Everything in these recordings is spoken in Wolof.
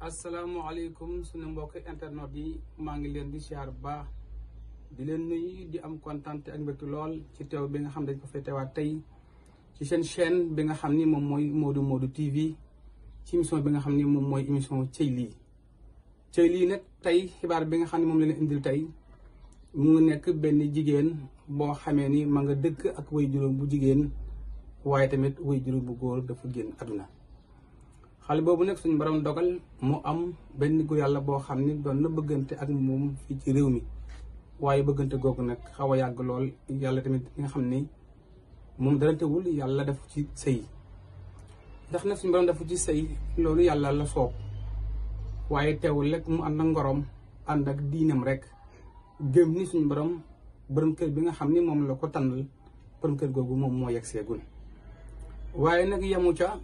Assalamualaikum, suñu mbokk internet yi maa ngi leen di siyaar bu di leen nuyu di am kontaan ak mbégte lool ci teew bi nga xam dañ ko fay teewaat tey ci seen chaîne bi nga xam ni moom mooy Modou Modou TV ci émission bi nga xam ni moom mooy émission cëy lii cëy lii nag tey xibaar bi nga xam ne moom la leen indil tey mu ngi nekk benn jigéen boo ni ma nga dëkk ak way bu jigéen waaye tamit way bu góor dafa génn aduna xale boobu nag suñu borom dogal mu am benn gu yàlla boo xam ne doon na bëggante ak moom fii ci réew mi waaye bëggante googu nag xaw a yàgg lool yàlla tamit li nga xam ne moom dara yàlla def ci sëy ndax nag suñu borom defu ci sëy loolu yàlla la soob waaye teewul lekk mu ànd ak ngorom ànd ak diinam rek gëm ni suñu boroom borom kër bi nga xam ni moom la ko tànnal borom kër googu moom moo yegg seegul waaye nag yamu ca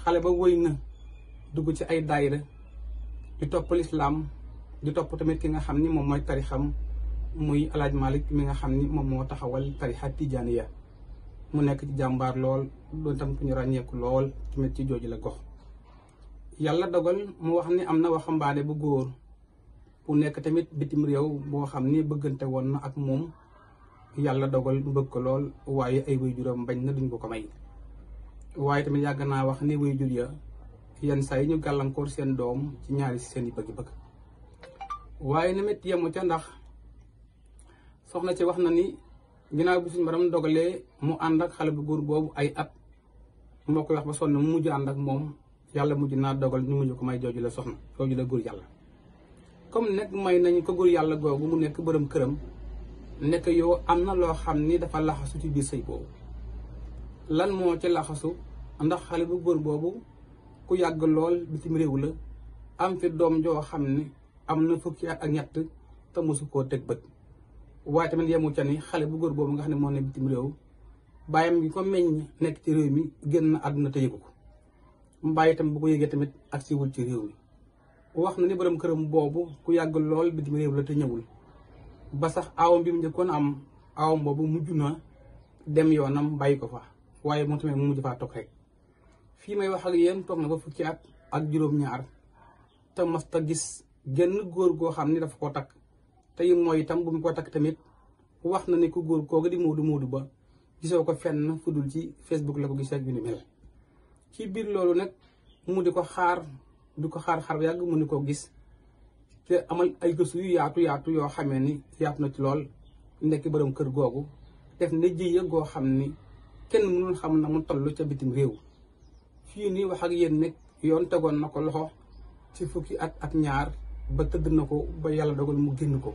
xale ba wëy na dugg ci ay daayira di topp lislaam di topp tamit ki nga xam ni moom mooy tarixam muy alaaj malik mi nga xam ni moom moo taxawal tarixa ya mu nekk ci jàmbaar lool doon tam ku ñu ràññeeku lool tamit ci jooju la gox yàlla dogal mu wax ni am na waxambaane bu góor bu nekk tamit bitim réew boo xam ni bëggante woon na ak moom yàlla dogal mu bëgg ko lool waaye ay waajuram bañ na duñ ko ko may waaye tamit yàgg ya naa wax ni wuy jur ya yenn saa yi ñu gàllankoor seen doom ci ñaari si seen i bëgg-bëgg waaye tamit yemu ca ndax soxna ci wax na ni ginnaaw bi suñu borom dogalee mu ànd ak xale bu góor boobu ay at mu koy wax ba sonn mu mujj ànd ak moom yàlla mujj naa dogal ñu mujj ko may jooju la soxna jooju la góor yàlla. comme nag may nañu ko góor yàlla googu mu nek borom këram nekk yow am na loo xam la dafa laxasu ci biir sëy boobu. lan moo ci laxasu ndax xale bu gër boobu ku yàgg lool bitim réew la am fi doom joo xam ne am na fukki ak ñett te mosu koo teg bët waaye tamit yemu ca ni xale bu góor boobu nga xam ne moo ne bitim réew bàyyam bi ko meññ nekk ci réew mi génn àdduna te yëgu ko mbàyyi tam bu ko yëgee tamit ak siwul ci réew mi wax na ni borom këram boobu ku yàgg lool bitim réew la te ñëwul ba sax aawam bi mu njëkkoon am aawam boobu mujj na dem yoonam bàyyi ko waaye moom tamit mu mujj faa toog rek fi may wax ak yéen toog na ba fukki at ak juróom-ñaar gis genn góor go hamni ne dafa ko takk tey mooy itam bu mu ko takk tamit wax na ne ku góor kooku di modu modu Ba gisoo ko fenn fu dul ci Facebook la ko gisee ak yu ni mel ci biir loolu nag mu di ko xaar di ko xaar xaar mu ni ko gis te amal ay gëstu yu yaatu yaatu yoo xamee ni yaatu na ci lool nekk boroom kër googu def na jiya goo xam kenn mënul xam na mu toll ca bitim réew fii nii wax ak yéen nag yoon tegoon na ko loxo ci fukki at ak ñaar ba tëdd na ko ba yàlla dogal mu génn ko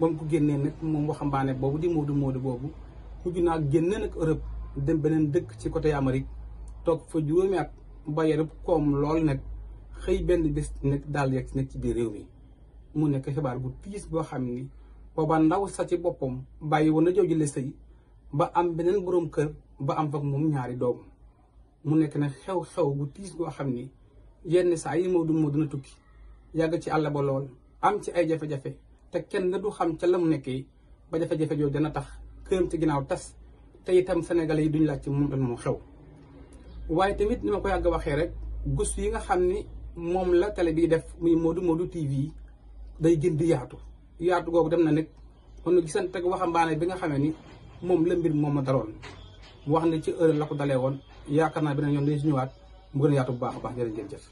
ba mu ko génnee nag moom waxambaane boobu di moodu moodu boobu mujj ak génne nag Europe dem beneen dëkk ci côté Amérique toog fa juróomi at ba yarub koom lool nag xëy benn bés nag daal yegg nag ci biir réew mi mu nekk xibaar bu tiis boo xam ni booba ndaw sa ci boppam bàyyi woon na jooju la sëy ba am beneen boroom kër ba am fag moom ñaari doom mu nekk na xew-xew bu tiis goo xam ni yenn saa yi moodu Modou na tukki yàgg ci àll lool am ci ay jafe-jafe te kenn du xam ca la mu nekkee ba jafe-jafe jooju dana tax këram ci ginnaaw tas te itam senegal yi duñu laaj ci moom la moo xew waaye tamit ni ma ko yàgg waxee rek gus yi nga xam ni moom la télé bi def muy Modou Modou TV day gën di yaatu yaatu googu dem na nag kon gisante ak waxambaane bi nga xamee ni moom la mbir moom ma daloon mu wax ne ci heure la ko dalee woon yaakaar naa beneen yoon dañ si ñëwaat mu yaatu bu baax a baax jërë ngeen jëf